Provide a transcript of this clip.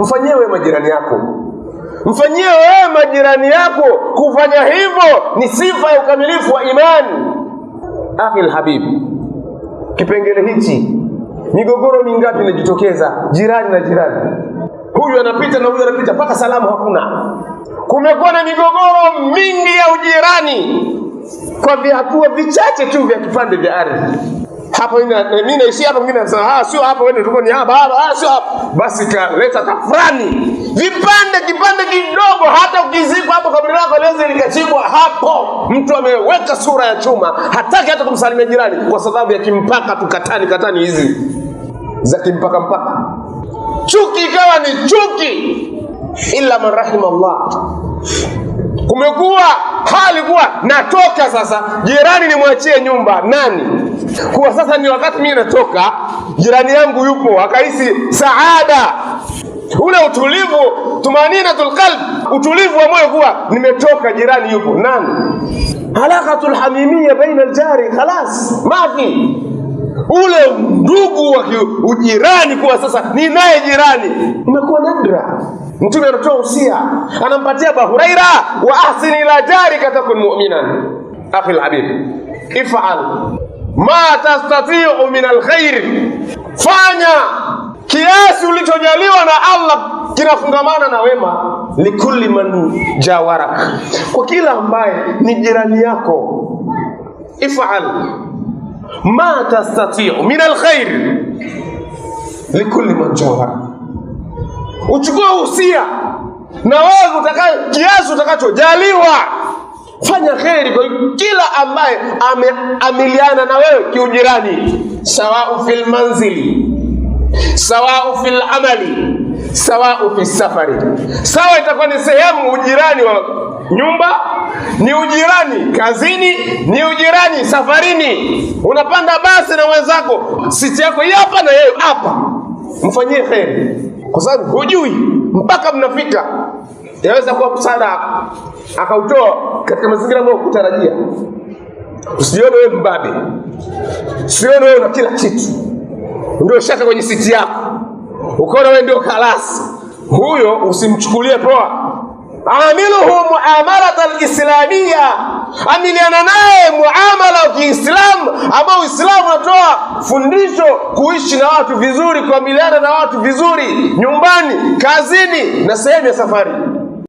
Mfanyie wewe majirani yako, mfanyie wewe majirani yako. Kufanya hivyo ni sifa ya ukamilifu wa imani. Akhi alhabibi, kipengele hichi, migogoro mingapi inajitokeza jirani na jirani, huyu anapita na huyu anapita, mpaka salamu hakuna. Kumekuwa na migogoro mingi ya ujirani kwa vihatua vichache tu vya kipande vya ardhi hapo mimi naishia hapo. Mwingine anasema ah, sio hapo, wewe ndio ni hapa hapa, ah, sio hapo. Basi kaleta tafrani, vipande kipande kidogo, hata ukizikwa hapo kaburi lako liweze likachimbwa hapo. Mtu ameweka sura ya chuma, hataki hata kumsalimia jirani kwa sababu ya kimpaka tukatani katani hizi za kimpaka mpaka, chuki ikawa ni chuki, illa man rahima Allah kumekuwa hali kuwa natoka sasa, jirani nimwachie nyumba nani kuwa sasa ni wakati mimi natoka, jirani yangu yupo akahisi saada, ule utulivu, tumaninatul qalb, utulivu wa moyo kuwa nimetoka, jirani yupo. Nani alaqatul hamimia baina aljari, khalas mafi ule ndugu wa ujirani, kuwa sasa ni naye jirani, imekuwa nadra. Mtume anatoa usia, anampatia Bahuraira, wa ahsin ila jarika takun mu'minan. Akhi alhabib, ifal ma tastatiu min alkhairi, fanya kiasi ulichojaliwa na Allah kinafungamana na wema. Likulli man jawarak, kwa kila ambaye ni jirani yako. Ifal ma tastatiu min alkhairi likulli man jawarak, uchukue usia na wewe utakaye kiasi utakachojaliwa fanya kheri kwa kila ambaye ameamiliana na wewe kiujirani, sawau fil manzili, sawau fil amali, sawau fi safari. Sawa itakuwa ni sehemu ujirani wa nyumba, ni ujirani kazini, ni ujirani safarini. Unapanda basi na mwenzako, siti yako hii hapa na yeye hapa, mfanyie kheri, kwa sababu hujui mpaka mnafika Inaweza kuwa msaada akautoa katika mazingira ambayo kutarajia Usione wewe mbabe, usione wewe una kila kitu, ndio shaka kwenye siti yako ukaona wewe ndio kalasi. Huyo usimchukulie poa. Amiluhu muamalata alislamia, amiliana naye muamala wa Kiislamu ambao Uislamu unatoa fundisho kuishi na watu vizuri, kuamiliana na watu vizuri, nyumbani, kazini na sehemu ya safari.